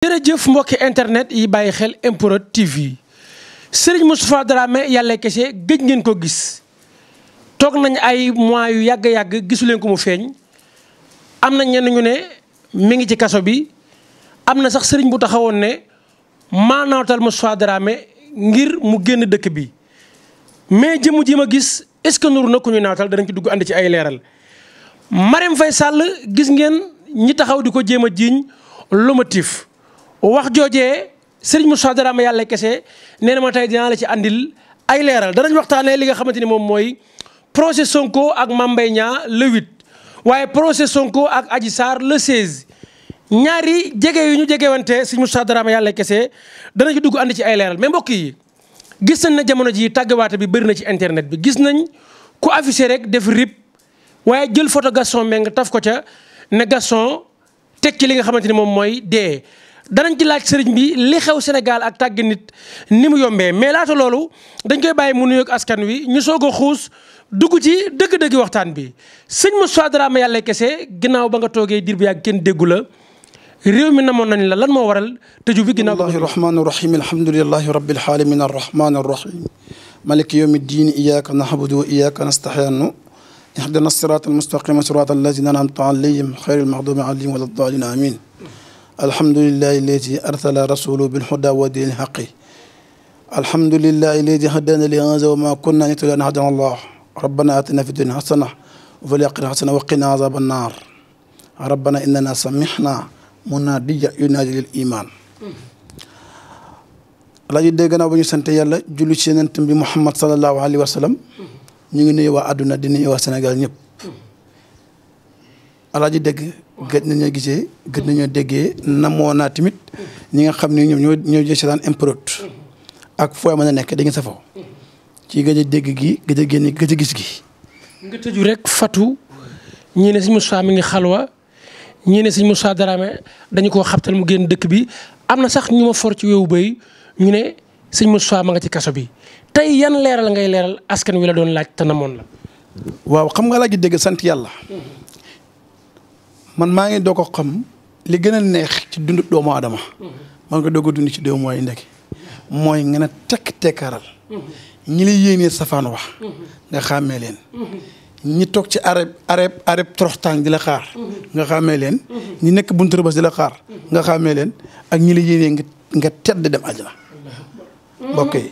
jërëjëf mbokki internet yi bàyyi xel MPROD TV Serigne Moustapha Dramé yàlla kese gëj ngeen ko gis toog nañ ay mois yu yàgg yàgg gisu leen ko mu feeñ am na ñenn ñu ne mi ngi ci kaso bi am na sax sëriñ bu taxawoon ne maanaatal Moustapha Dramé ngir mu génn dëkk bi mais jëmu ji ma gis est ce que nuru na ku ñu naatal danañ ci dugg ànd ci ay leeral Marème Faye sàll gis ngeen ñi taxaw di ko jéem a jiiñ lomotif wax joojee sëriñ Moussa Darame yàlla kese nee na ma tey dinaa la ci andil ay leeral danañ waxtaanee li nga xamante ni moom mooy procès Sonko ak Mame Mbaye Niang waaye procès Sonko ak aji Sarr le 16. ñaari jege yu ñu jegewante sëriñ Moussa Darame yàlla kese danañ dugg andi ci ay leeral mais mbokk yi gis nañ na jamono ji tàggawaate bi bëri na ci internet bi gis nañ ku affiché rek def rip waaye jël photo Gaston Mbengue taf ko ca ne Gaston teg ci li nga xamante ni moom mooy dee. danañ ci laaj sëriñ bi li xew senegal ak tàgg nit ni mu yombee mais laata loolu dañ koy bàyyi mu nuyoog askan wi ñu soog a xuus dugg ci dëgg-dëgg waxtaan bi sëñ Moustapha Dramé Yàlla kese ginnaaw ba nga toogee diir bi yàgg kenn déggu la na mi namoon nañ la lan moo waral tëju bi ginnaaw. allahi rahmaani rahim alhamdulilahi rabbil alamin arrahmani arrahim maliki yawmi diin iyyaka nahbudu wa iyyaka nastahiinu ihdina siraat almustaqima siraat alladina anamta alayhim xayri almaxdubi alayhim wala dalin amin alhamdulillahi alladi arsala rasulahu bilhuda wa dinil haqi alhamdulillahi alladi hadana li haza wa ma kunna nahtadia an hadana allah rabbana atina fi dunya hasana wa fil akhirati wa qina azaban nar rabbana innana samihna munadiya yunadi lil iman laaju dégg naa bu ñu sant yàlla julli ci yonent Muhammad sallallahu alayhi wa sallam ñu ngi nuyu waa àdduna di nuyu waa alaaji dégg gëj nañoo gisee gëj nañoo déggee namoo naa tamit ñi nga xam ni ñoom ñoo ñoo jël seetaan improt ak fooy mën a nekk da ngeen safoo ci gëj a dégg gi gëj génn gëj gis gi. nga tëju rek Fatou ñii ne sëñ Moussa mi ngi xalwa ñii ne sëñ Moussa Dramé koo xabtal mu génn dëkk bi am na sax ñu ma ci wewu bay ñu ne sëñ Moussa ma nga ci kaso bi tey yan leeral ngay leeral askan wi la doon laaj te namoon la. waaw xam nga alaaji dégg sant yàlla. man maa ngi doog ko xam li gën a neex ci dund doomu adama mm-hmm. man ko doo ko dund ci deux mois yi mooy nga a tekk tekkaaral mm-hmm. ñi lay yéenee safaan wax mm-hmm. nga xàmmee leen ñi toog ci arab arab arab toroxtaan di leen ñi nekk buntu ba di la xaar nga xàmmee leen ak ñi la yéenee nga nga tedd dem àjjana mbokk yi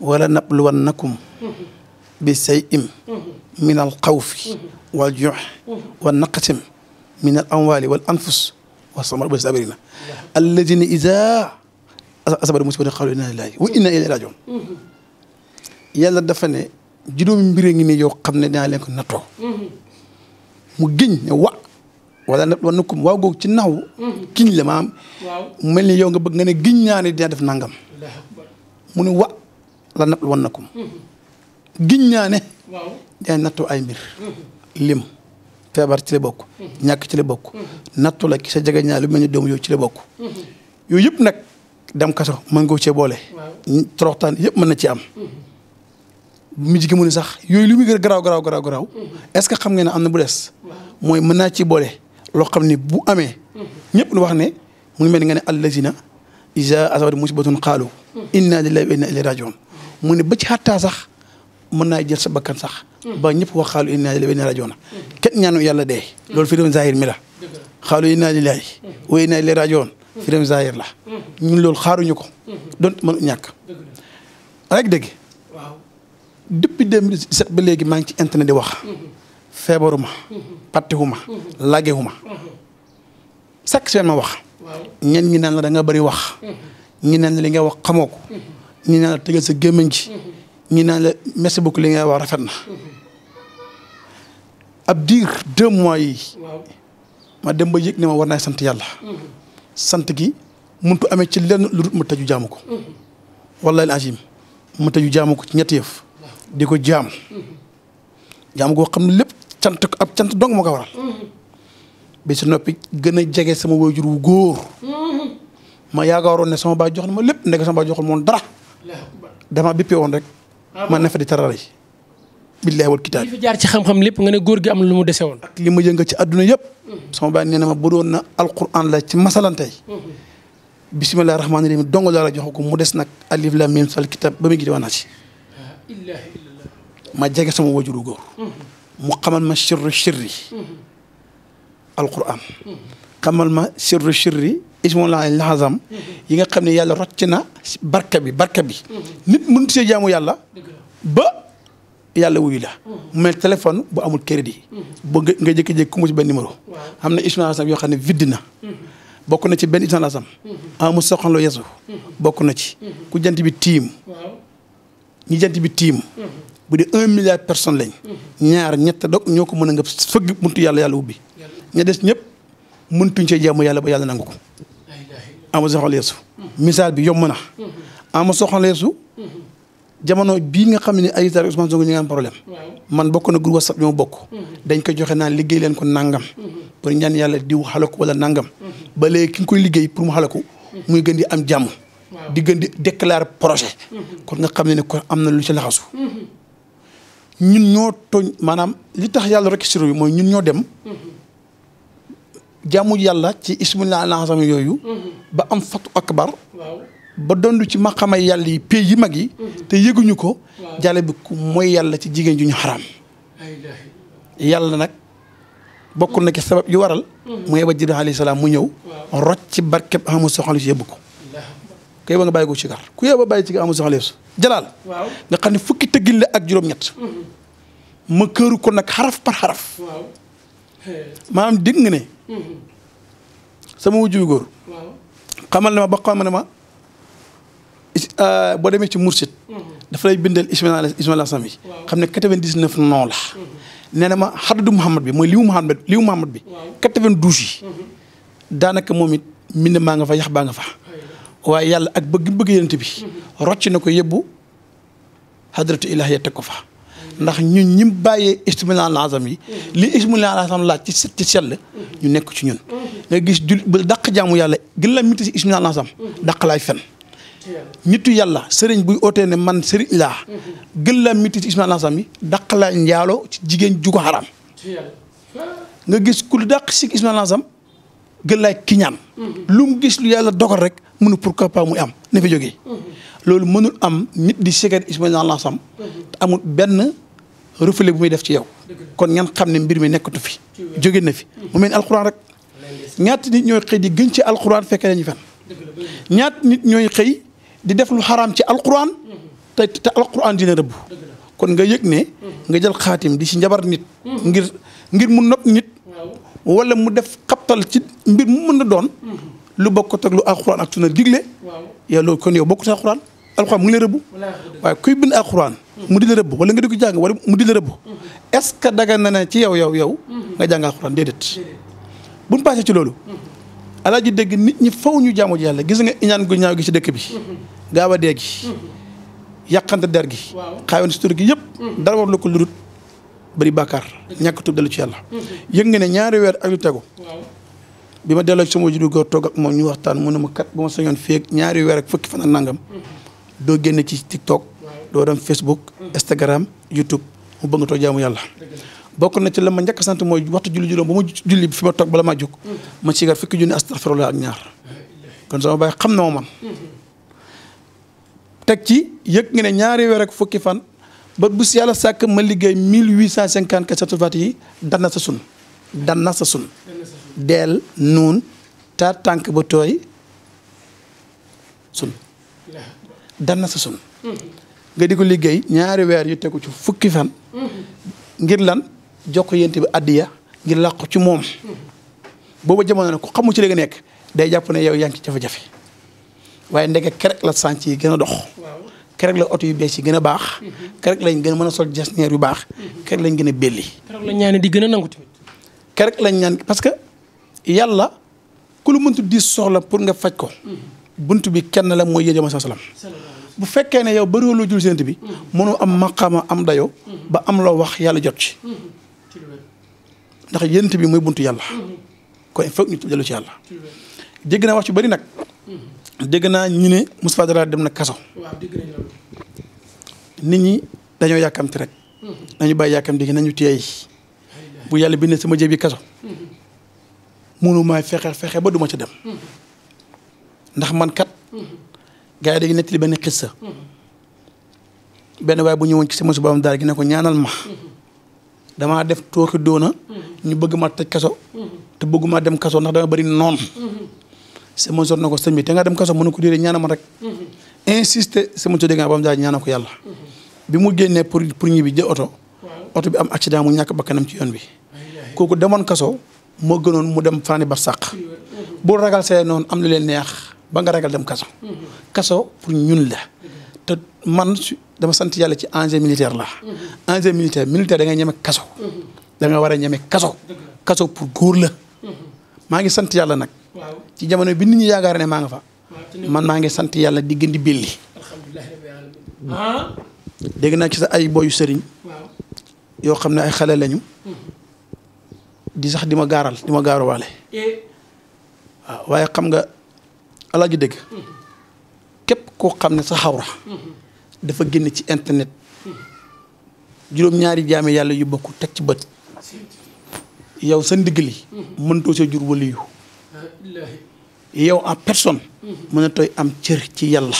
wala nabluwannakum bi say im min al wal juux wa naqasim min al amwali wal anfus wa samar ba sabirina alladina ida asabaru musiba xaalu inna lillahi wa inna ilayhi rajiun yàlla dafa ne juróomi mbir ngi ne yoo xam ne dinaa mu giñ ne wa wala nag wan na ko waaw googu ci naw giñ la maam mel ni yow nga bëgg nga ne giñ naa ne dinaa def nangam mu ne wa la nag wan na giñ naa ne dinaa nattoo ay mbir uhuh. lim feebar ci la bokk. ñàkk ci la bokk. nattu la ki sa jege ñaar lu mel ni doom yooyu ci la bokk. yooyu yëpp nag dem kaso man nga ko cee boole. toroxtaan yëpp mën na ci am. mu jigéen mu ne sax yooyu lu muy gën a garaaw garaaw est-ce que xam ngeen ne am na bu des. mooy mën naa ci boole loo xam ne bu amee. ñëpp lu wax ne mu ngi mel ni nga ne allazina iza asabat musibatun qaalu inna lillahi wa inna ilayhi rajiun mu ne ba ci xattaa sax. mën naa jël sa bakkan sax. Mm. ba ñëpp wax xaalu inna lillahi wa inna ilayhi raji'un. kenn ñaanu yàlla dee. Mm. loolu fi dem zahir mi la. xaalu inna lillahi mm. wa inna ilayhi raji'un. fi dem la. ñun loolu xaaruñu ko. Mm-hmm. donc mënu ñàkk. rek dëgg. waaw depuis 2017 ba léegi maa ngi ci internet di wax. Mm-hmm. feebaruma. Mm-hmm. pàttewuma. lagewuma. chaque semaine ma wax. ñen ñi naan la da nga bëri wax. ñi naan la li nga wax xamoo ko. ñi naan la tëgal sa gémmiñ ci ñu naa la merci beaucoup li ngay wax rafet na ab diir deux mois ma dem ba yëg ne ma war naa sant yàlla sant gi muntu amee ci lenn lu dul ma tëju jaamu ko wallahi alazim ma tëju jaamu ko ci ñetti yëf di ko jaam jaam goo xam ne lépp cant cant dong ma ko waral bi si noppi gën a jege sama waajur wu góor ma yaakaaroon ne sama baa jox na ma lépp ndeke sama baay joxul moom dara dama béppee woon rek man na fa di tarare yi. wal kitaab fi jaar ci xam-xam lépp nga ne góor gi am na lu mu dese woon. ak li ma yëngal ci àdduna yëpp. sama baay nee na ma bu doon na alquran la ci masalantey. Mhm. bisimilah rahmaani rahiim dong laa la jox mu des nag alif lam mim sal kitab ba mu ngi diwaan ah, ma jege sama wajuru góor. Mhm. mu xamal ma sirru sirri. Mhm. alquran. xamal ma sirru sirri. ismu la laxasam mhm. yi nga xam ne yàlla rocc na barke bi barke bi mhm. nit mënut see jaamu yàlla ba la mhm. mel téléphone bu amul crédit ba nga jékki-jékki ku am na ismu yoo xam ne vidde na bokk na ci benn ismu laxasam bokk na ci ku jant bi tiim bi tiim bu un milliard personnes lañ ñaar ñett ñoo ko mën a nga fëgg buntu yàlla yàlla des ñëpp mëntuñ see jaamu yàlla ba yàlla nangu ko ama soxaleesu misaal bi yomb na ama soxaleesu jamono bii nga xam ne ay Sarr Ousmane Sonko ñu ngi am problème man bokk na groupe WhatsApp ñoo bokk mm-hmm. dañ ko joxe naan liggéey leen ko nangam mm-hmm. pour ñaan yàlla diw xalaku wala nangam mm-hmm. ba léegi ki nga koy liggéey pour mu xalaku muy gën di am jàmm di gën di déclarer projet kon nga xam ne ne kon am na lu ci laxasu ñun ñoo tooñ maanaam li tax yàlla rek si réew mooy ñun ñoo dem jaamu yàlla ci ismillah alazam yooyu. ba am fatu akbar ba dondu ci maqamay yàlla yi pays yi mag yi. Mhm. te yëguñu ko. jale bi ku mooy yàlla ci jigéen ju ñu xaraam. yàlla nag bokk na ci sabab yu waral. Mhm. mooy ba Jibril alayhi salaam mu ñëw. rocc ci barkeb Ahmadu Soxna si yóbbu ko. ku yóbbu nga ku yóbbu bàyyi ci gar Ahmadu Soxna si jalaal. nga xam ne fukki tëggil la ak juróom-ñett. Mhm. ma këru ko nag xaraf par xaraf. maanaam dégg nga ne. sama wujj wu góor. xamal ne ma ba xamal ne ma euh, boo demee ci Mourchid. Mhm. dafa lay bindal Ismaïla Ismaïla Sami. xam ne 99 non la. Mhm. nee na ma xaddu Mouhamad bi mooy liwu Mouhamad liwu Mouhamad bi. 92 yi. Mhm. daanaka moom it mbind maa nga fa yax baa nga fa. waaye yàlla ak bëgg bëgg yonent bi. rocc na ko yóbbu hadratu ilaahiya teg ko fa. ndax ñun ñim bàyyee istimulaa lazam yi li istimulaa lazam laaj ci set ci sell ñu nekk ci ñun nga gis jul ba jaamu yàlla gën la miti si istimulaa lazam lay laay fen nitu yàlla sëriñ buy ootee ne man sëriñ laa gën la miti si istimulaa lazam yi dàq laay njaaloo ci jigéen ju ko nga gis ku dàq si istimulaa lazam gën laay kiñaan lu mu gis lu yàlla dogal rek mënu pourquoi pas muy am ne fi jógee loolu mënul am nit di sigar istimulaa lazam te benn reflet bu muy def ci yow kon ñan xam ne mbir mi nekkatu fi jóge na fi mu mel ni alxuraan rek ñaata nit ñooy xëy di gën ci alxuraan fekkee nañu fen ñaata nit ñooy xëy di def lu xaraam ci alxuraan te te dina rëbb kon nga yëg ne nga jël xaatim di si njabar nit ngir ngir mu nopp mu def xaptal mbir mu mën a doon lu bokkut ak lu alxuraan ak sunna digle kon yow bokkut alxuraan alxuraan mu ngi lay rëbb waaye kuy bind alxuraan mu di la rëbb wala nga di ko jàng wala mu di la rëbb est-ce na ne ci yaw yow yow nga jàng alxuraan déedéet buñ passé ci loolu alaaji dégg nit ñi faw ñu jaamu ji yàlla gis nga iñaan gu ñaaw gi ci dëkk bi gaaw a dee gi yàqante der gi xaayoon si tur gi yëpp dara war lu ko lurut bëri bàkkaar ñàkk tub dellu ci yàlla yëg nga ne ñaari weer ak lu tegu bi ma delloo ci sama waajur góor toog ak moom ñu waxtaan mu ne ma kat bu ma sañoon fii ak ñaari weer ak fukki fan doo dem Facebook Instagram YouTube mu bëgg too jaamu yàlla bokk na ci la ma njëkk sant mooy waxtu julli juróom bu ma julli fi ma toog bala maa jóg ma sigar fukki junni astafirullah ak kon sama baay xam na ma ci yëg nga ne ñaari ak fukki fan ba bu si yàlla sàkk ma liggéey mille huit cent cinquante danna sa sun danna sa sun deel nuun taat tànk ba tooy sun danna sa sun nga di ko liggéey ñaari weer yu tegu ci fukki fan. ngir lan jox ko yént bi addiya ngir làqu ci moom. boobu jamono nag ku xamu ci li nga nekk day jàpp ne yow yaa ngi ci jafe-jafe waaye ndeke kerek la sànc yi gën a dox. kerek la oto yu bees yi gën a baax. Mm-hmm. kerek lañ gën a mën a sol jasneer yu baax. Mm-hmm. kerek lañ gën a belli. kerek lañ di gën a nangu tamit. kerek lañ ñaan parce que yàlla ku lu mëntu diis soxla pour nga faj ko. Mm-hmm. bunt bi kenn la mooy yéen a ma bu fekkee ne yow bëriwul loo jul bi mm-hmm. mënoo am maqaama am dayoo mm-hmm. ba am loo wax yàlla jot ci mm-hmm. ndax yént bi muy bunt yàlla kon il faut ñu dellu ci yàlla dégg naa wax ci bari nag dégg naa ñu ne Moustapha Dara dem na kaso nit ñi dañoo yàkkamti rek nañu bàyyi yàkkamti gi nañu teey bu yàlla bindee sama jëb yi kaso mënu maay fexe ba duma ci dem ndax man kat gars yi dañuy nettali benn xissa benn waaye bu ñëwoon ci sama su borom daal gi ne ko ñaanal ma damaa def tooxi doona ñu bëgg ma tëj kaso te bëgguma dem kaso ndax dama bari noonu sama sor na ko sëñ bi te nga dem kaso mën ko déedéet ñaanal ma rek insisté sama su dégg naa borom ko yàlla bi mu génnee pour pour ñibbi jël oto oto bi am accident mu ñàkk bakkanam ci yoon bi kooku demoon kaso moo gënoon mu dem fanaani barsàq bu ragal see noonu am lu leen neex ba nga ragal dem kaso. kaso pour ñun la. te man dama sant yàlla ci engin militaire la engin militaire militaire dangay ñeme kaso. da nga war a ñeme kaso. kaso pour góor la. maa ngi sant yàlla nag. ci jamono bi nit ñi yaakaar ne maa nga fa. man maa ngi sant yàlla di gën di belli. Hmm. Ah? naa ci sa ay boyu sëriñ. yoo xam ne ay xale lañu. Hmm. sax di ma gaaral di ma gaaruwaale. Eh? waaye xam nga. alaaji dégg képp koo xam ne sa xawra dafa génn ci internet juróom-ñaari jaame yàlla yu bokk teg ci bët yow sa ndigg li mënatoo sa jur waliyu yow en personne mënatooy am cër ci yàlla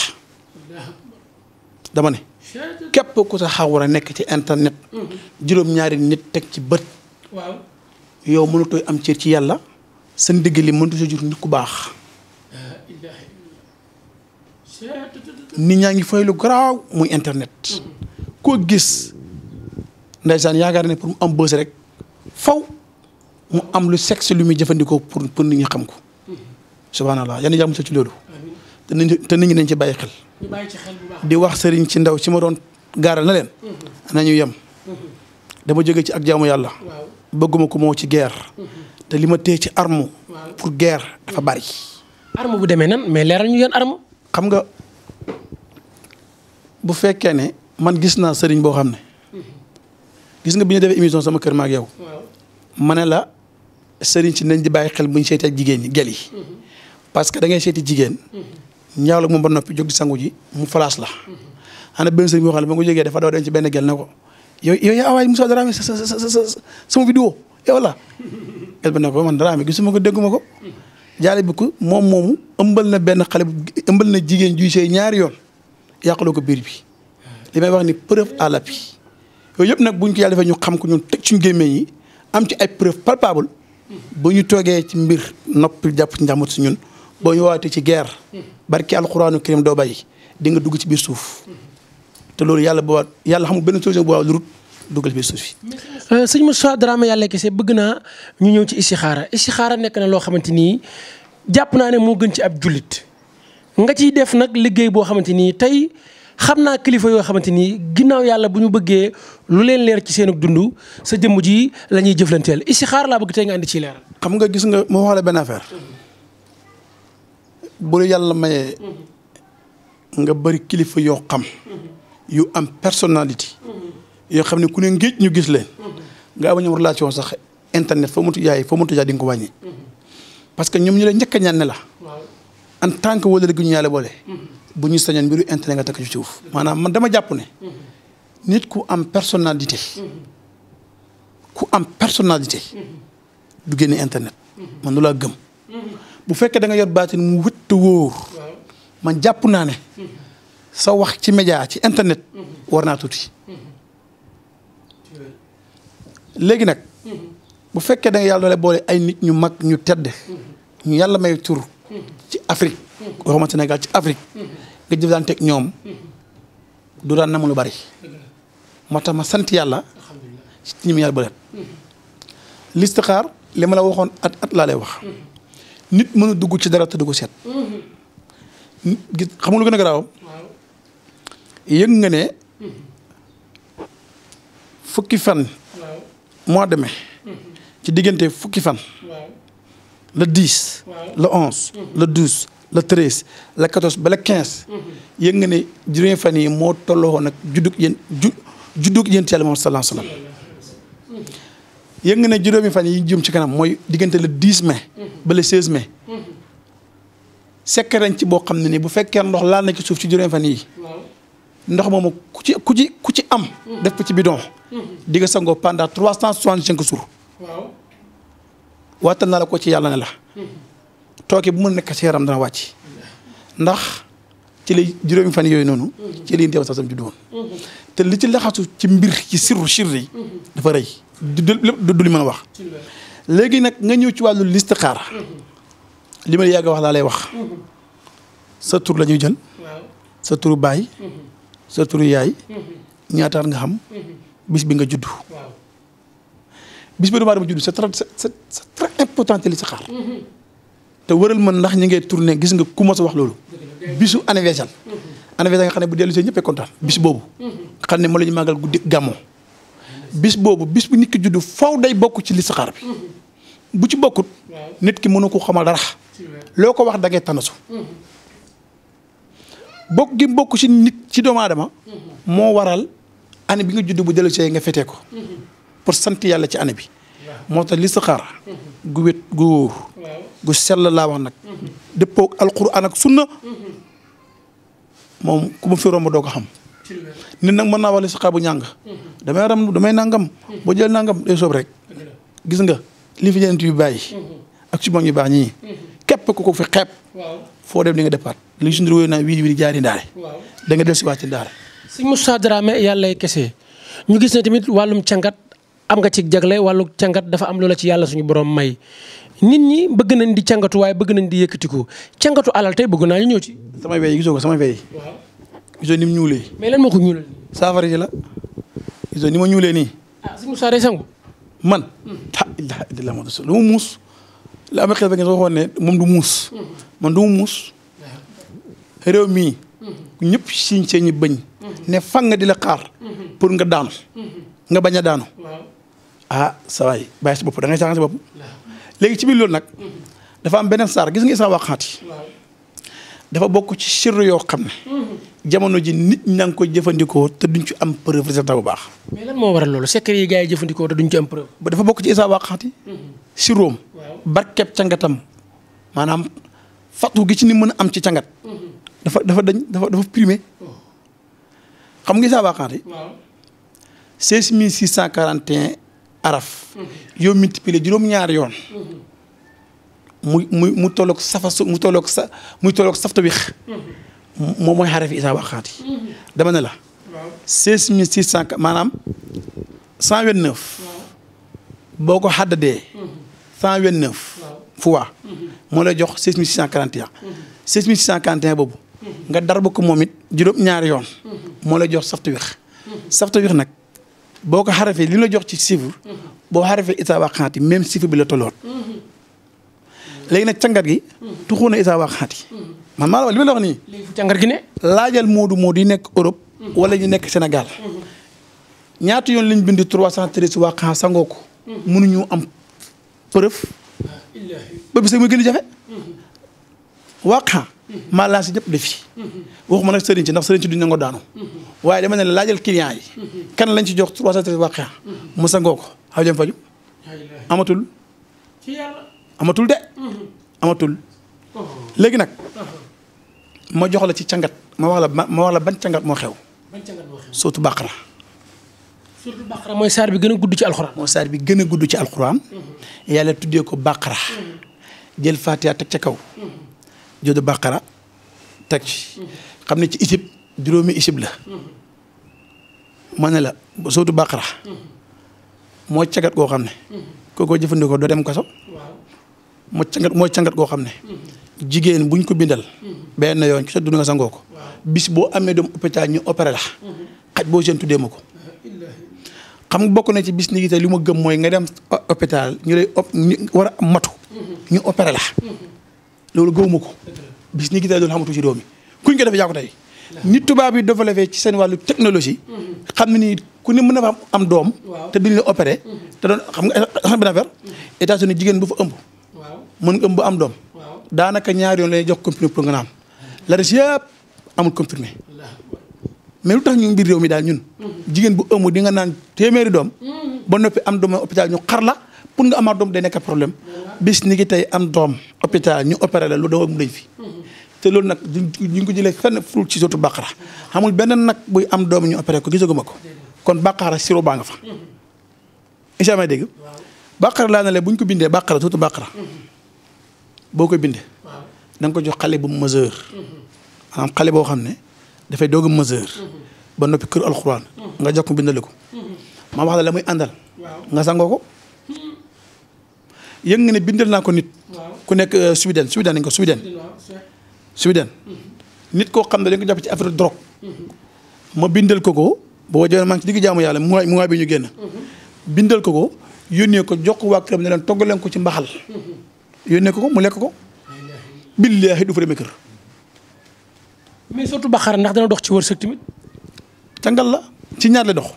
dama ne képp ku sa xawra nekk ci internet juróom-ñaari nit teg ci bët waaw yow mënatooy am cër ci yàlla sa ndigg li mënatoo sa jur nit ku baax nit ñaa ngi fay lu garaaw muy internet. koo gis ndaysaan yaakaar ne pour mu am bës rek fow mu am lu sexe lu muy jëfandikoo pour pour nit ñi xam ko. subhanallah yéen a jàmm ci loolu. te nit ñi te ci bàyyi xel. di wax sëriñ ci ndaw ci ma doon gaaral na leen. Mhm. nañu yem. dama jóge ci ak jaamu yàlla. bëgguma ko moo ci guerre. Mhm. te li ma téye ci arme. pour guerre dafa bari. arme bu demee nan mais leeral ñu yan arme. xam nga bu fekkee ne man gis naa sëriñ boo xam ne gis nga bi ñu defee émission sama kër ma ak yow. ma ne la sëriñ si nañ di bàyyi xel bu ñu seetee jigéen ñi gel yi. Mhm. parce que da ngay seeti jigéen. Mhm. ñaaw la moom ba noppi jóg di sangu ji mu falaas la. Mhm. ana benn sëriñ boo xam ne ba nga jógee dafa daw dem ci benn gel ne ko yow yow yaa waay Moussa Dramé sa sa sama vidéo yow la gel ba ne ko man Dramé gisuma ko dégguma ko. jaale bi ko moom moomu ëmbal na benn xale ëmbal na jigéen juy sey ñaari yoon yàqaloo ko biir bi li wax ni preuve à l'appui yooyu yëpp nag buñ ko yàlla defee ñu xam ko ñun teg suñu gémmiñ yi am ci ay preuve parpable bu ñu toogee ci mbir noppi jàpp ci njàmbur si ñun boo ñu waatee ci guerre barki alxuraanu karim doo bàyyi di nga dugg ci biir suuf te loolu yàlla boobaat yàlla xamul benn solution boobaat lu rut dugal biir suuf si. Euh, sëñ Moussa Dramé yàlla kese bëgg naa ñu ñëw ci istixaara istixaara nekk na loo xamante ni jàpp naa ne moo gën ci ab jullit nga ciy def nag liggéey boo xamante ni tey xam naa kilifa yoo xamante ni ginnaaw yàlla bu ñu bëggee lu leen leer ci seen dund sa jëmm ji lañuy ñuy jëflanteel istixaara laa bëgg tey nga andi ciy leeral. xam nga gis nga moo wax la benn affaire bu la yàlla mayee nga bëri kilifa yoo xam yu am personnalité. yoo xam ne ku ne ngéej ñu gis leen nga am ñoom relation sax internet foo mënut yaay foo mënut jaay parce que ñoom ñu leen ñaan la en tant que wóolal gi ñu yàlla bu ñu sañoon mbiru internet nga takk ci suuf maanaam man dama jàpp nit ku am personnalité ku am personnalité du génne internet man nu laa bu fekkee da nga yor mu wëtt wóor man jàpp naa ne wax ci média ci internet war naa tuuti léegi nag bu fekkee da yàlla doole boole ay nit ñu mag ñu tedd ñu yàlla may tur ci Afrique waxuma Sénégal ci Afrique nga jëf daan teg ñoom du daan namu lu bari moo tax ma sant yàlla ci ñi mu yàlla bëreet listixaar li ma la waxoon at at laa lay wax nit mën a dugg ci dara te du set seet gis xamul gën a garaaw yëg nga ne fukki fan mois de mai ci diggante fukki fan le 10 le 11 mhm. le 12 le 13 le 14 ba le 15 mhm. nga ne juróomi fan yi moo tolloo nag juddug yéen ju juddug yéen ci yàlla moom sallallahu alayhi wasallam mhm. ne juróomi fan yi jëm ci kanam mooy diggante le 10 mai ba le 16 mai sekk nañ ci boo xam ne nii bu fekkee ndox laal na ki suuf ci juróomi fan yi ndox moomu ku ci ku ci ku ci am. Mm-hmm. def ko ci bidon. Mm-hmm. di nga sangoo pendant trois cent soixante cinq jours. waaw. waatal naa la ko ci yàlla ne la. Mm-hmm. tooke bu mu nekk ci yaram dana wàcc. ndax ci la juróomi fan yooyu noonu. ci liy teew sax sam juddu te li ci laxasu ci mbir ci sirru sirri yi. dafa rëy du du li mën a wax. léegi nag nga ñëw ci wàllu list listixaara. li ma yàgg wax laa lay wax. sa tur la ñuy jël. sa turu baay. sa turu yaay mhm. ñaata at nga xam mhm. bis bi nga judd bis bi doomu aadama judd c'est très c'est très important li si mhm. te wëral ma ndax ñi ngay tourné gis nga ku mos a wax loolu bisu anniversaire anniversaire nga xam ne bu dellu see ñëppee kontaan bis boobu nga xam ne moo la ñu màggal guddi gàmmo bis boobu bis bu nit ki judd faw day bokk ci listixaar bi bu ci bokkut nit ki mënu ko xamal dara loo ko wax da ngay bokk gi bokk ci nit ci doomu aadama moo waral année bi nga judd bu dellusee nga fete ko pour sant yàlla ci année bi moo tax listixaar gu wét gu wóor gu sell laa wax nag dëppoo alquran ak sunna moom ku ma fi romb doo xam nit nag mën naa wax listixaar bu ñàng damay ram damay nangam boo jël nangam day soob rek gis nga li fi jant yu bàyyi ak ci mag baax ñii képp ku ko fi xeeb. foo dem di nga départ li sunu wéy naa wii jaari ndaare. da nga dellusiwaat ci ndaare. sëñ Moustapha Dramé yàllay kese ñu gis ne tamit wàllum càngat am nga ci jagle wàllu càngat dafa am loola ci yàlla suñu borom may nit ñi bëgg nañ di càngatu waaye bëgg nañ di yëkkatiku càngatu alal tey bëgg naa ñu ñëw ci. samay wey gisoo ko samay wey. waaw gisoo ni mu ñuulee. mais lan moo ko ñuulal. saafara ji la gisoo ni a ñuulee nii. ah sëñ Moustapha day sangu. man. Hmm. la am xel ba ngeen waxoon ne moom du muus. man du muus. réew mii. ñëpp siñ see ñu bañ. ne fan nga di la xaar. pour nga daanu. nga bañ a daanu. ah saa waay bàyyi si bopp da ngay saaxaan si bopp. léegi ci biir loolu nag. dafa am beneen saar gis nga Isaa Waqaati. dafa bokk ci sirru yoo xam ne. jamono ji nit ñaa ngi ko jëfandikoo te duñ ci am preuve résultat bu baax. mais moo waral loolu secret yi gars yi jëfandikoo te duñ ci am preuve. ba dafa bokk ci isa waqaati. Mm-hmm. si room. barkeb cangatam maanaam fatu gi ci ni mën a am ci cangat. Mm-hmm. dafa dafa dañ dafa dafa primé. Oh. xam nga isa waqaati. waaw 16641 araf. Mm-hmm. yow multiplié juróom-ñaari yoon. muy muy mu tolloog safa su mu tolloog sa muy tolloog safta wix. moom mooy xarafi isa waxaat yi dama ne la seize mille six cent maanaam cent vingt neuf boo ko xaddadee cent vingt neuf fois moo lay jox seize mille six cent quarante et un boobu nga darba ko moom it juróom ñaar yoon moo la jox saftu wix saftu wix nag boo ko xarafee li la jox ci chiffre boo xarafee isa waxaat yi même chiffre bi la tolloon léegi nag cangat gi tuxu na isa waxaat man maa la li ma la wax nii. léegi càngar gi ne. laajal moodu moodu yi nekk Europe. wala ñu nekk Sénégal. ñaata yoon lañ bind 313 waqan sangoo ko. mënuñu am preuve. ba bis muy gën a jafe. waqan. maa lancé ñëpp def fi. waxuma nag sëriñ ci ndax daanu. waaye dama ne laajal client yi. kan lañ ci jox 313 waqan. mu sangoo ko xaw jëm faju amatul. amatul de. amatul. léegi nag. ma jox la ci cangat ma wax la ma wax la ban cangat moo xew. ban sootu bàqara. mooy saar bi gën a gudd ci alxuraan. mooy saar bi gën a gudd ci alxuraan. Mhm. yàlla tuddee ko bàqara. Mhm. jël Faatiha teg ca kaw. Mhm. jooju bàqara teg ci. xam ne ci isib juróomi isib la. ma ne la sootu bàqara. mooy cangat goo xam ne. kooku jëfandikoo doo dem kaso. mu cangat mooy cangat goo xam ne jigéen buñ ko bindal benn yoon ci sa dund nga sangoo ko bis boo amee doom hôpital ñu opéré la xaj boo seen ma ko xam nga bokk na ci bis ni gi li ma gëm mooy nga dem hôpital ñu lay war a matu ñu opéré la loolu gëwuma ko bis ni gi tey loolu xamatu ci réew mi kuñ ko def yaa tey nit tubaab yi dafa lefee ci seen wàllu technologie xam ne nii ku ne mën a fa am doom te duñ la opéré te doon xam nga xam benn affaire mm-hmm. états-unis jigéen bu fa ëmb mën nga ëmb am doom daanaka ñaari yoon lay jox comprimé pour nga naan la des yëpp amul comprimé mais lu tax ñu mbir réew mi daal ñun jigéen bu ëmb di nga naan téeméeri doom ba noppi am doom hôpital ñu xar la pour nga amaat doom day nekk problème bis ni ngi tey am doom hôpital ñu opéré la lu doom mu fi te loolu nag ñu ngi ko jëlee fenn ful ci sotu bàqara xamul benn nag buy am doom ñu opéré ko gisaguma ko kon bàqara siro baa nga fa incha allah dégg bàqara laa na le bu ñu ko bindee bàqara sotu bàqara boo koy bindee danga ko jox xale bu majeur mm-hmm. maanaam xale boo xam ne dafay doog a mm-hmm. ba noppi kër alxuraan mm-hmm. nga jox ko bindale ko ma wax la la muy àndal nga sangoo ko yëg nga ne bindal naa ko nit ku nekk euh, Sweden Sweden nañ ko Sweden Sweden nit koo xam ne dañ ko ci affaire drogue ma bindal ko ko boo joxee maa ngi ci digg jaamu yàlla mu mu bi ñu génn bindal ko ko yónnee ko jox ko waa këram ne leen togg leen ko ci mbaxal yónnee ko ko mu lekk ko. billaahi du fa demee kër. mais surtout Bakar ndax dana dox ci wërsëg tamit. cangal la ci ñaan la dox.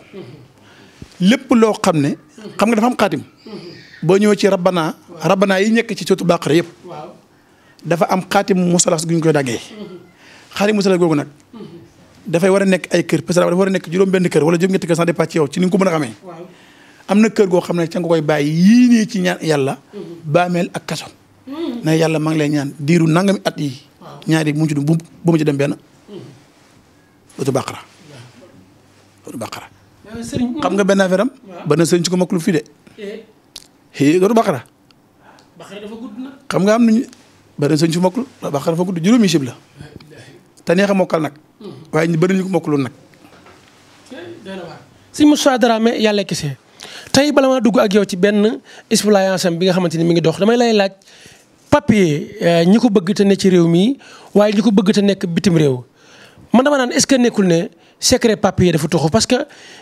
lépp loo xam ne. xam nga dafa am xaatim. boo ñëwee ci rabbana rabbana yi ñekk ci surtout Bakar yëpp. dafa am xaatim musalas gu ñu koy daggee. xaatim musalas googu nag. dafay war a nekk ay kër parce que dafa war a nekk juróom-benn kër wala juróom-ñetti kër sans départ ci yow ci ni nga ko a xamee. am na kër goo xam ne ca nga koy bàyyi yii ci ñaan yàlla. Mhm. baameel ak kaso. na yàlla maa ngi lay ñaan diiru nangami at yi ñaari mu ci du bu mu ci dem benn otu bàqara otu bàqara xam nga benn affaire am ba na sëriñ ci ko maklu fii de xii eh. eh, otu xam nga am nañu ba na sëriñ ci ko maklu bàqara dafa gudd juróomi sib la te mokkal nag hmm. waaye ñu bëri ñu ko mokkalu nag si Moussa Dramé yàlla kese tey bala maa dugg ak yow ci benn expérience bi nga xamante ni mi ngi dox damay lay laaj papier eh, ñi ko bëgg te ne ci réew mi waaye ñi ko bëgg te nekk bitim réew man dama naan est-ce que nekkul ne secret papier dafa toxu parce que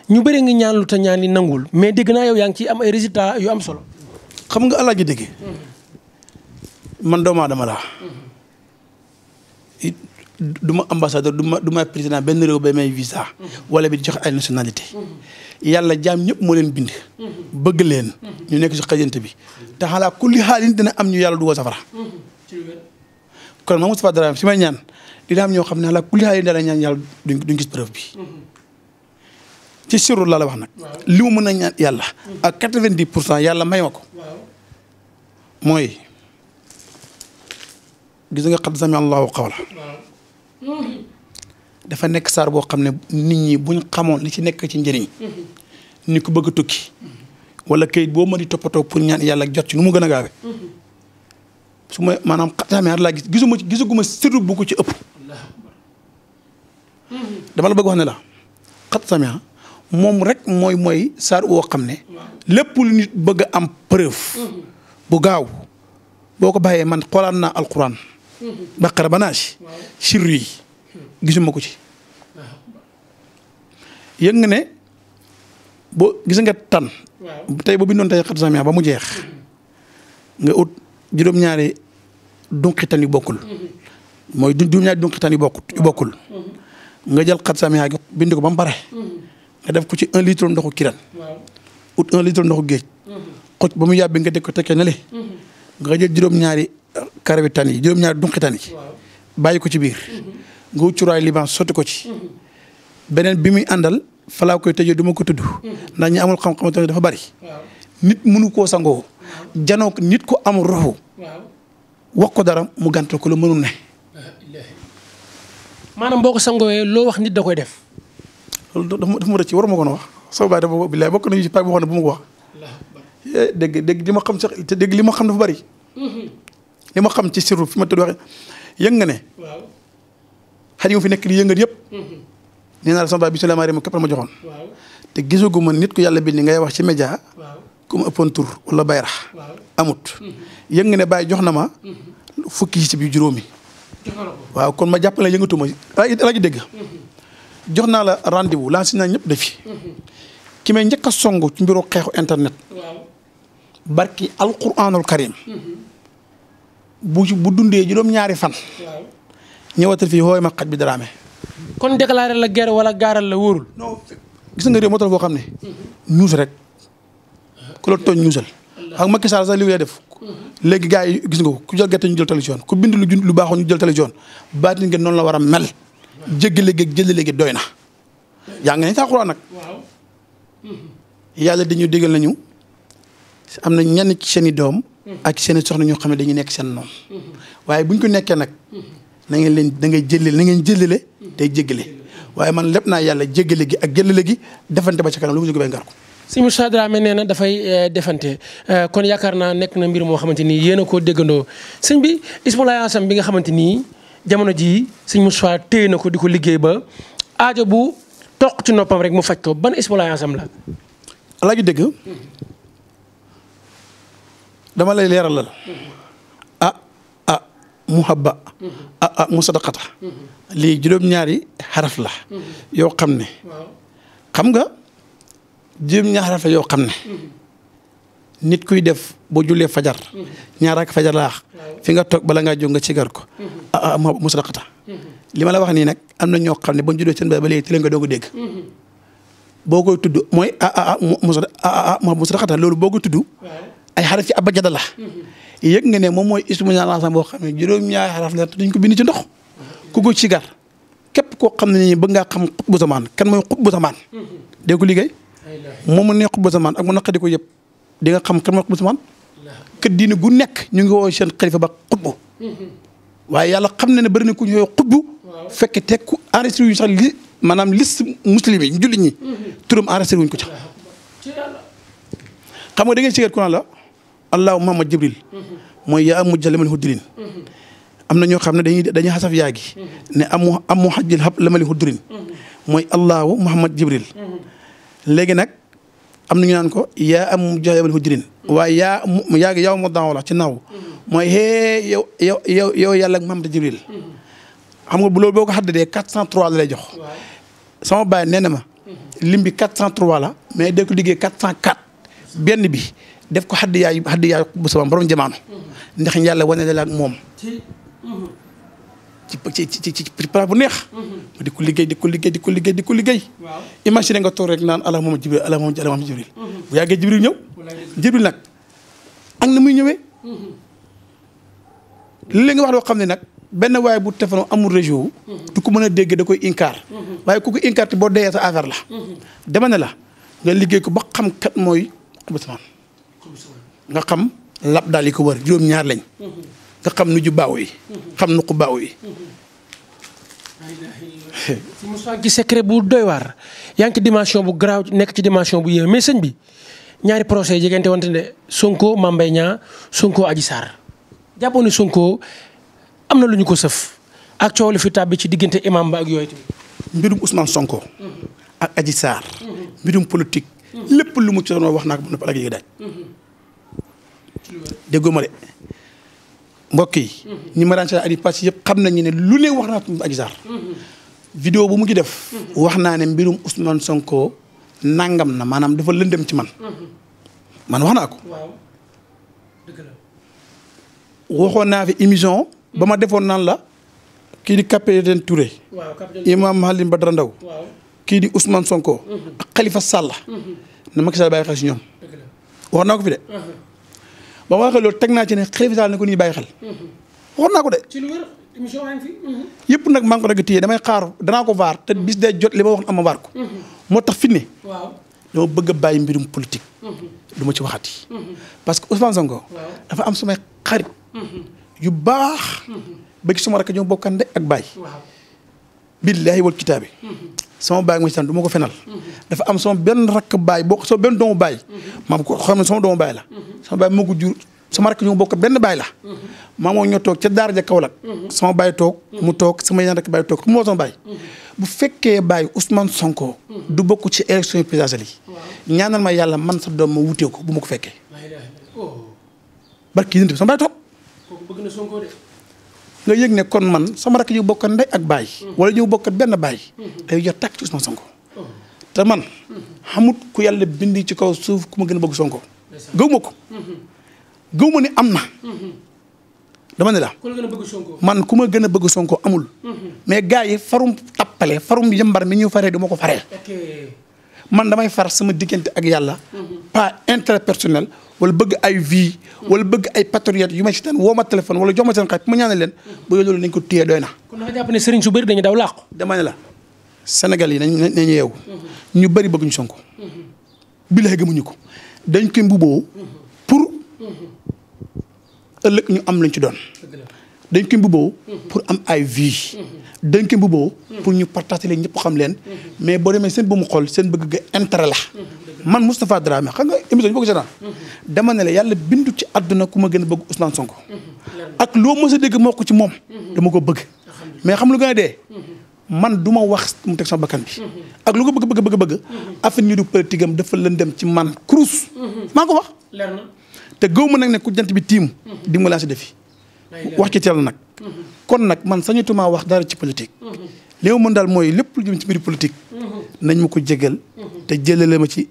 ñu bëri ngi ñaan lu te ñaan li nangul mais dégg naa yow yaa ngi ciy am ay résultat yu am solo. xam nga alaaji dégg man doomu aadama laa mm-hmm. du ma ambassadeur du ma du ma président benn réew ba may visa. wala bi di joxe ay nationalité. yàlla jaam ñëpp moo leen bind. bëgg leen. ñu nekk si xajante bi. te xalaa kulli xaalin dina am ñu yàlla du ko safara. kon moom Moustapha Dramé si may ñaan dina am ñoo xam ne xalaa kulli xaalin dana ñaan yàlla duñ duñ gis preuve bi. ci sirru laa la wax nag. li mu mën a yàlla. ak quatre-vingt-dix pour cent yàlla may ma ko. mooy gis nga qad sami allahu qawla. dafa nekk saar boo xam ne nit ñi buñ xamoon li ci nekk ci njëriñ. Mhm. ni ku bëgg a tukki. Mhm. wala kayit boo mën di toppatoo pour ñaan yàlla jot ci nu mu gën a gaawee. Mhm. su ma maanaam xatamaar laa gis gisuma gisaguma sirru bu ko ci ëpp. dama la bëgg wax ne la moom rek mooy mooy saar woo xam ne. lépp lu nit bëgg a am preuve. bu gaaw boo ko bàyyee man xoolaat naa alquran. baqara ba naas sirru yi gisuma ko ci yëg nga ne boo gis nga tan tey boo bindoon tey xat samia ba mu jeex nga ut juróom-ñaari dunqitan yu bokkul mooy juróom-ñaari dunqitan yu bokkut yu bokkul nga jël xat samia gi bind ko ba mu nga def ko ci un litre ndoxu kiran ut un litre ndoxu géej mm-hmm. xoj ba mu yàbbi nga teg ko tekkee ne le mm-hmm. nga jël juróom-ñaari karawi tan yi juróom-ñaar dunqi tan yi bàyyi ko ci biir nga wut cuuraay liban sotti ko ci beneen bi muy àndal falaa koy tëjee du ma ko tudd ndax ñu amul xam-xam tamit dafa bari nit mënu koo sangoo janoo nit ko amul roxu wax ko dara mu ko lu mënul ne maanaam boo ko sangoowee wax nit da koy def loolu dafa ma rëcc waruma ko wax sama baay bu ma ko wax eh, dégg li ma xam bari mhm. li ma xam ci siru fi ma tëdd waxee yëng nga ne. waaw xaj fi nekk di yëngal yëpp. Mhm. nee naa la sama baay bi Souleymane Rémy képp la ma joxoon. te gisagu ma nit ku yàlla bind ngay wax ci média. ku ma ëppoon tur amut. Mhm. yëng nga ne Baye jox na ma. Mhm. fukki ci bi juróomi. waaw kon ma jàppale yëngatuma laa ji jox naa la rendez-vous laa si naa ñëpp defi. ki may njëkk song ci mbiru xeexu internet. barki alquranul karim. bu bu dundee juróom-ñaari fan. ñëwatal fii xooy ma xaj bi me kon déclaré la guerre wala gaaral la wóorul. non gis nga réew moo tax boo xam ne. Mhm. ñuus rek ku la tooñ ñuusal. ak Macky Sall sax li muy def. Mhm. léegi gars yi gis nga ko ku jël gerte ñu jël télévision ku bind lu lu baaxoon ñu jël télévision baati ngeen noonu la war a mel. jéggi léegi ak léegi doy na. yaa ngi ne saa xuraan mhm. yàlla dañu digal nañu am na ñenn ci seen doom. ak seen soxna ñoo xam ne dañuy nekk seen noonu. waaye bu buñ ko nekkee nag. na ngeen leen da ngay jëlale na ngeen jëlale tey jéggale waaye man lépp naa yàlla jéggale gi ak jëlale gi defante ba ca kanam lu mu jóge bay ngar ko. nee na dafay eh, defante eh, kon yaakaar naa nekk na mbir moo xamante ni yéen a koo déggandoo sëñ bi Hizbut-Llahi bi nga xamante ni jamono jii sëñ Moussa téye na ko di ko liggéey ba aajo bu toq ci noppam rek mu faj ko ban Hizbut-Llahi la. laaju dëgg dama lay leeralal ah ah mu habba ah ah mu sadaqata lii juróom-ñaari xaraf la yoo xam ne xam nga juróom-ñaari xaraf la yoo xam ne nit kuy def boo julee fajar ñaar ak fajar fi nga toog bala ngaa jóg nga ci ko ah ah mu sadaqata la wax nii nag am na ñoo xam ne ba ñu juddoo seen ba léegi ci la nga doog a dégg boo koy tudd mooy ah ah, ah, ah, ah mu sadaqata loolu boo koy tudd ay xaraf ci abajada la yëg nga ne moom mooy ismu ñaanal boo xam ne juróom-ñaari xaraf la te duñ ko bind ci ndox ku ko ci gar képp koo xam ne nii bëgg ngaa xam xutbu zamaan kan mooy xutbu zamaan dégg ko liggéey moom mu ne xutbu zamaan ak mu naqadi ko yëpp di nga xam kan mooy xutbu zamaan kër nekk ñu ngi woo seen xalifa ba xutbu waaye yàlla xam na ne bëri na ku ñëw xutbu fekk te ku enregistré wuñ sax li maanaam liste muslim yi jullit ñi mhm. turam enregistré wuñ ko ca xam nga da ngeen sigar ku naan la allahu mama jibril mm-hmm. mooy yaa mujj la ma li am na ñoo xam ne dañuy dañuy xasaf yaa gi mm-hmm. ne amu amu la ma li mooy allahu muhammad jibril mm-hmm. léegi nag am nañu naan ko yaa am mujj la ma li waaye yaa mu yaa gi yow moo daaw la ci naaw mooy hee yow yow yow yow yàlla ak muhammad jibril xam nga bu loolu boo ko xaddadee 403 la lay jox sama baay nee na ma lim bi 403 la mais da ko liggéey 404 benn bi def ko xaddi yaay xaddi yaay bu sama borom jamaano ndax yàlla wane la ak moom ci ci ci ci palaas bu neex mhm. ko liggéey di ko liggéey di ko liggéey di ko liggéey imagine nga toog rek naan ala moom jibril ala moom ala moom jibril mhm. bu yàggee jibril ñëw jibril nag ak na muy ñëwee mhm. lu nga wax loo xam ne nag benn waaye bu téléphone amul réseau du ko mën a dégg da koy inkaar waaye ku ko inkaar te boo deyee sa affaire la dama la nga liggéey ko ba xam kat mooy Abdou Samane nga xam lab daal yi ko wër juróom-ñaar lañ nga xam nu ju baaw yi xam nu ko baaw yi si Moussa gi secret bu doy waar yaa ngi dimension bu garaaw nekk ci dimension bu yéeme mais sëñ bi ñaari procès yi jegante wante ne Sonko Mame Mbaye Niang Sonko Adji Sarr jàppoon Sonko am na lu ñu ko sëf ak coow li fi tàbbi ci diggante imam ba ak yooyu tamit mbirum Ousmane Sonko ak Adji Sarr mm-hmm. mbirum politique mm-hmm. lépp lu mu ci doon wax naa ko bu noppi ak yéeg daaj mm-hmm. déggoo ma de mbokk yi. ñi ma daan seetaan at yi passé yëpp xam nañu ne lu ne wax naa ko Adji Sarr. bu mu ci def. wax naa ne mbirum Ousmane Sonko nangam na maanaam dafa dem ci man. man wax naa ko. waaw dëgg naa fi émission. ba ma defoon naan la. kii di capitaine Touré. waaw capitaine Touré Imam Ndaw. waaw kii di Ousmane Sonko. ak Khalifa Sall. na Macky Sall bàyyi xel ñoom. wax naa ko fi de. ba ma waxee loolu teg naa ci ne xëy na ne ko nii bàyyi xel. waxoon naa ko de. ci lu wér émission yaa ngi fi. Mhm. yëpp nag maa damay xaar danaa ko vaar te bis day jot li ma wax am ma vaar ko. Mhm. moo tax fi ne. waaw dama bëgg a bàyyi mbirum politique. Mhm. du ma ci waxati. parce que Ousmane Sonko. dafa am sumay xarit. yu baax. ba ci suma rakk ñoo bokkande ak bàyyi. billaahi wal kitaabi sama baay mooy sant du ma ko fenal dafa am sama benn rakk baay boo sama benn doomu baay maam ko xam ne sama doomu la sama baay moo ko jur sama benn baay la maa moo ñoo toog ca daara ja Kaolack sama baay toog mu toog sama yeneen rakk baay toog xam moo sama baay bu fekkee du bokk ci élection présidentielle yi ma yàlla man sa doom ma wutee ko bu ma fekkee oh. barki yéen sama baay toog nga yëg ne kon man sama rakk yu bokk ndey ak baay wala ñu bokk benn baay day jot tàkk ci Ousmane Sonko te man xamut ku yàlla bind ci kaw suuf ku ma gën a bëgg Sonko gëw ma ko gëw ma ne am na dama ne la man ku ma gën a bëgg Sonko amul mais gars yi farum tappale farum yëmbar mi ñu faree du ma ko faree man damay far sama diggante ak yàlla pas interpersonnel wala bëgg ay vie wala bëgg ay patriote yu ma si teen woo ma téléphone wala jox ma seen xarit ma ñaanal leen bu loolu nañ ko téye doy na. kon nga jàpp ne sëriñ su bëri dañu daw làqu. la Sénégal yi nañ nañ yeewu ñu bëri bëgguñu Sonko. bilaay gëmuñu ko dañ koy mbuboo pour ëllëg ñu am lañ ci doon. dañ koy mbuboo pour am ay vie dañ koy mbuboo pour ñu partager leen ñëpp xam leen mais boo demee seen bu mu xool seen bëgg ga intérêt la. man Moustapha Dramé xam nga émission bi bokk seetaan mhm. dama ne la yàlla bindu ci àdduna ku ma gën a bëgg Ousmane Sonko mhm. ak loo mës a dégg moo ko ci moom mhm. dama ko bëgg mais xam lu gën a dee du ma wax mu teg sama bakkan bi ak lu ko bëgg bëgg bëgg bëgg affaire ñu du politique am dafa lëndëm ci man kurus maa ko te gëw ma nag ne ku bi tiim di mu laa si defi wax ci teel nag kon nag man sañatuma wax dara ci politique li ma mën daal mooy lépp lu jëm ci mbiru politique nañ ma ko jégal te jëlale ma ci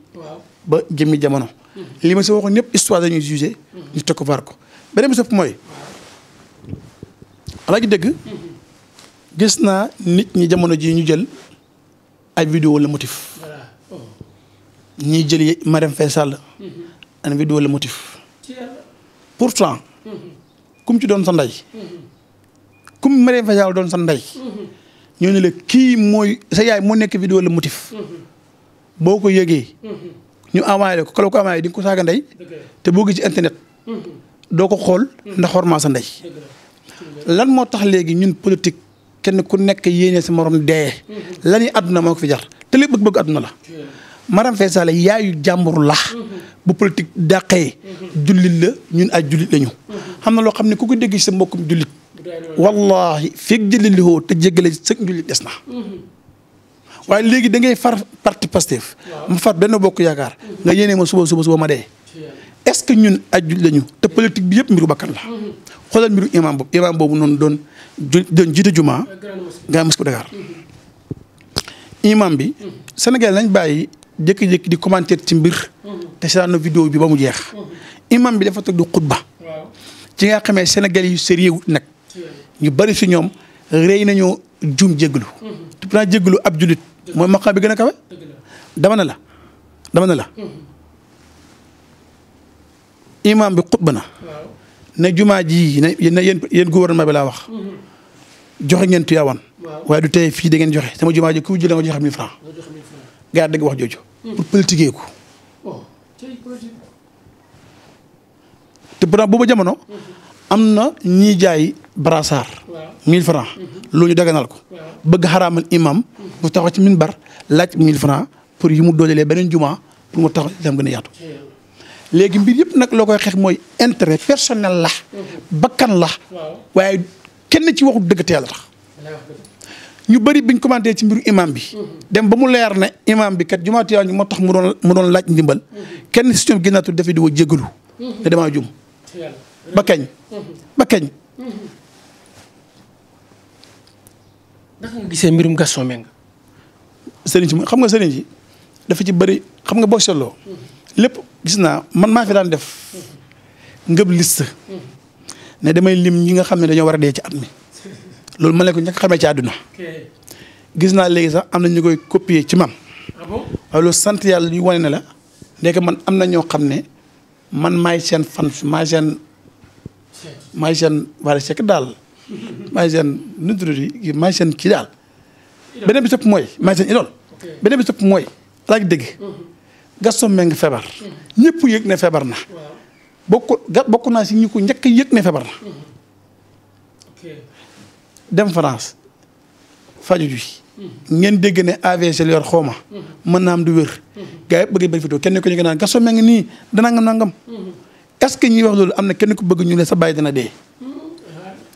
ba jëmmi jamono. li ma si waxoon ñëpp histoire dañuy jugé. ñu teg ko war ko bi sëf mooy. ala dëgg. gis naa nit ñi jamono jii ñu jël ay vidéo la motif. ñu jël Marème Faye Sall. an vidéo la motif. pourtant. kum ci doon sa ndey. kum Marème Faye Sall doon sa ndey. ñoo ne la kii mooy sa yaay moo nekk vidéo la motif. boo ko yëgee. ñu envoyé ko kala ko envoyé di nga ko saaga ndey te boo gis ci internet doo ko xool ndax ma sa ndey lan moo tax léegi ñun politique kenn ku nekk yéene sa moroom dee la ñuy àdduna moo ko fi jar te lépp bëgg-bëgg àdduna la Maram Faye yaayu jàmbur la bu politique dàqee jullit la ñun ay jullit lañu xam na loo xam ne ku ko dégg ci sa mbokkum jullit wallaahi feeg jullit li woo te jéggale sa jullit des na waaye léegi da ngay far parti Pastef ma far benn bokk yaakaar nga yéene ma suba suba suba ma dee est-ce que ñun ay jullit lañu te politique bi yëpp mbiru bakkan la mm-hmm. xoolal mbiru imam boobu imam boobu noonu doon doon jiite juma nga Mosquée bu Dakar mm-hmm. imam bi mm-hmm. Sénégal lañ bàyyi jékki-jékki di commenter ci mbir te seetaanu vidéo bi ba mu jeex imam bi dafa toog di xutba ci nga xamee Sénégal yu sérieux nag ñu bari si ñoom rëy nañoo jum jéglu naa jéggalu ab julit mooy maqaam bi gën a kawe dama ne la dama ne la imaam bi ba na ne jumaa ji ne yéen yéen gouvernement bi laa wax mhm. joxe ngeen tuyaawan waaye du tey fii da ngeen joxe sama jumaa ji ku jëlee nga joxe mille franc gaa dégg wax jooju mhm. pour politiquer ko oh, te pourtant booba am na ñiy jaay brassard. mille francs mhm. loolu ñu daganal ko. bëgg xaraamal imam. Mhm. mu taxaw ci minbar laaj mille francs pour yi mu doolelee beneen juma pour mu taxaw dem gën a yaatu. léegi mbir yëpp nag loo koy xeex mooy intérêt personnel la. Mhm. bakkan la. waaye kenn ci waxu dëgg te yàlla tax. ñu bëri biñ commenté ci mbiru imam bi. dem ba mu leer ne imam bi kat jumaa Tiwaawan moo tax mu doon mu laaj ndimbal. kenn si ñoom ginnaatul dafay di woo jégalu. te jum. ba kañ. ba kañ. gisee mbirum Gaston meng sëriñ si mu xam nga sëriñ si dafa ci bari xam nga boo seetloo. lépp gis naa man maa fi daan def ngëb liste. ne damay lim ñi nga xam ne dañoo war a dee ci at mi. loolu ma ne ko ñàkk xamee ci àdduna. gis naa léegi sax am na ñu koy copier ci man. Ah waaw loolu sant yàlla yu wane ne la. ndeke man am na ñoo xam ne man maay seen fan maay seen maay seen wala sekk daal maay seen nutri yi seen kii daal beneen bi sëpp mooy maay seen idol beneen bi sëpp mooy laaj dégg mhm. Gaston Mbengue feebar mhm. ñëpp yëg ne feebar na bokk bokk naa si ñu ko na mhm. dem France faju ji ngeen dégg ne AVC est-ce que ñuy wax loolu am na kenn ku bëgg ñu ne sa bàyyi dana dee.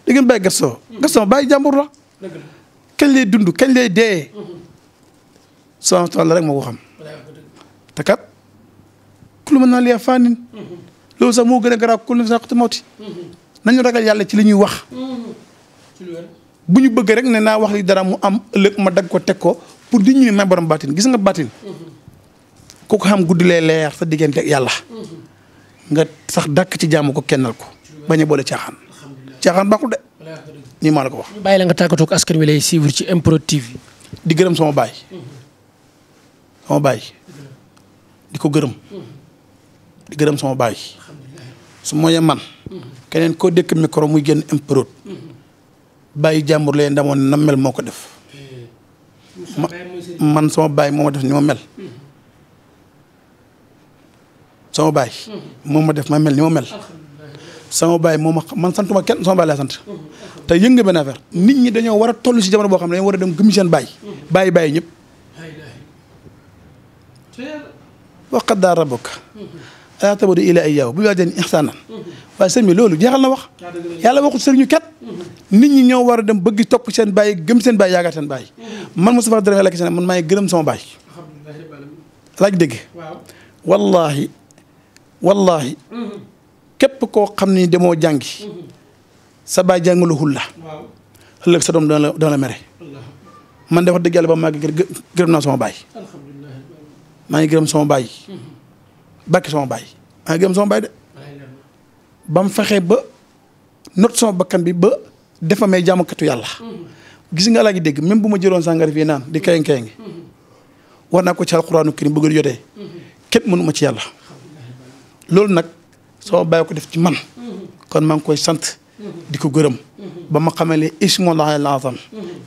da ngeen bàyyi Gaston. Gaston bàyyi jàmbur la. kañ lay dund kañ lay dee. sama tool la rek moo ko xam. te kat ku lu mën naa lee faanin. loolu sax moo gën a garaaw ku lu sax te mawti. nañu ragal yàlla ci li ñuy wax. bu ñu bëgg rek ne naa wax li dara mu am ëllëg ma dagg ko teg ko pour di ñuy may borom baatin gis nga baatin. ku ko xam guddi lay leer sa diggante ak yàlla. nga sax dàkk ci jaamu ko kennal ko bañ a boole caaxaan caaxaan baaxul de ni maa la ko wax. bàyyi la nga tàggatoo ak askan wi lay suivre ci MPROD TV. di gërëm sama baay. sama baay di ko gërëm. gërëm sama baay. su mooyee man. keneen koo dëkk micro muy génn MPROD. bàyyi jàmbur leen damoon na mel moo ko def. ma man sama baay moo ma def ni ma mel. sama baay. moom ma def ma mel ni ma mel. sama baay moom ma man santuma kenn sama baay laa sant. te yëngu benn affaire nit ñi dañoo war a toll si jamono boo xam ne dañoo war a dem gëm seen baay. baay baay ñëpp. wa qaddaa rabbuka alaa ta'budu illaa iyyaahu wa bil waalidayni ihsaanan waaye sëñ loolu jeexal na wax yàlla waxul sëriñu kat nit ñi ñoo war a dem bëgg topp seen baay gëm seen baay yaakaar seen baay man Moustapha Dramé la man maa ngi gërëm sama baay laaj dégg wallaahi wallahi képp koo xam ni demoo jàngi sa baay jàngalu hul la ëllëg sa doom dana la dana la mere man de wax dëgg yàlla ba màgg gërëm naa sama baay maa ngi gërëm sama baay de ba mu fexee ba not sama bakkan bi ba defa may jaamukatu yàlla gis nga laa ngi dégg bu ma jëloon sàngara fii naan di kayang kayang uhuh. war naa ko ci alquraanu karim bëgg jotee uhuh. képp mënuma ci yàlla loolu nag soo bàyyi ko def ci man kon maa ngi koy sant di ko gërëm ba ma xamee ne ismu laahi laazam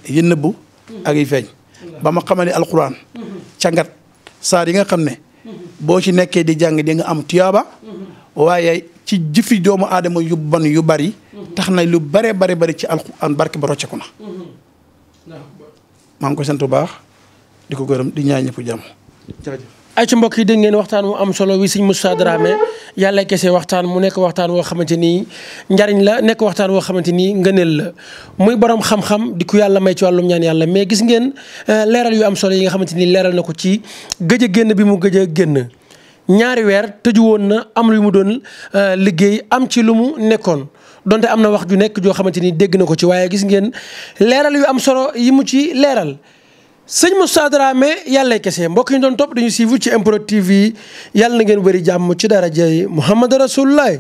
yi nëbbu ak yi feeñ ba ma xamalee ne alxuraan cangat saar yi nga xam ne boo ci nekkee di jàng di nga am tuyaaba waaye ci jëfi doomu aadama yu bon yu bari tax na lu bare bari bari ci alxuraan barke ba rocceku na maa ngi koy sant bu baax di ko gërëm di ñaan ñëpp jàmm ay ci mbokk yi dégg ngeen waxtaan mu am solo wi sëñ Moustapha Dramé yàlla kese waxtaan mu nekk waxtaan woo xamante ni njariñ la nekk waxtaan woo xamante ni ngëneel la muy borom xam-xam di ku yàlla may ci wàllum ñaan yàlla mais gis euh, leeral yu am solo yi nga xamante ni leeral na ko ci gëj génn bi mu gëj a génn ñaari weer tëju woon na am lu mu doon euh, liggéey am ci lu mu nekkoon donte am na wax ju nekk joo xamante ni dégg na ko ci waaye gis ngeen leeral yu am solo yi mu ci leeral sëñ Moustapha Dramé yàlla kese mbokk yi doon topp dañu suivre ci MPROD TV yàlla na ngeen wëri jàmm ci darajay Muhammad Rasulullah